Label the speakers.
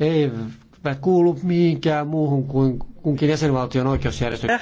Speaker 1: eivät kuulu mihinkään muuhun kuin kunkin jäsenvaltion oikeusjärjestykseen.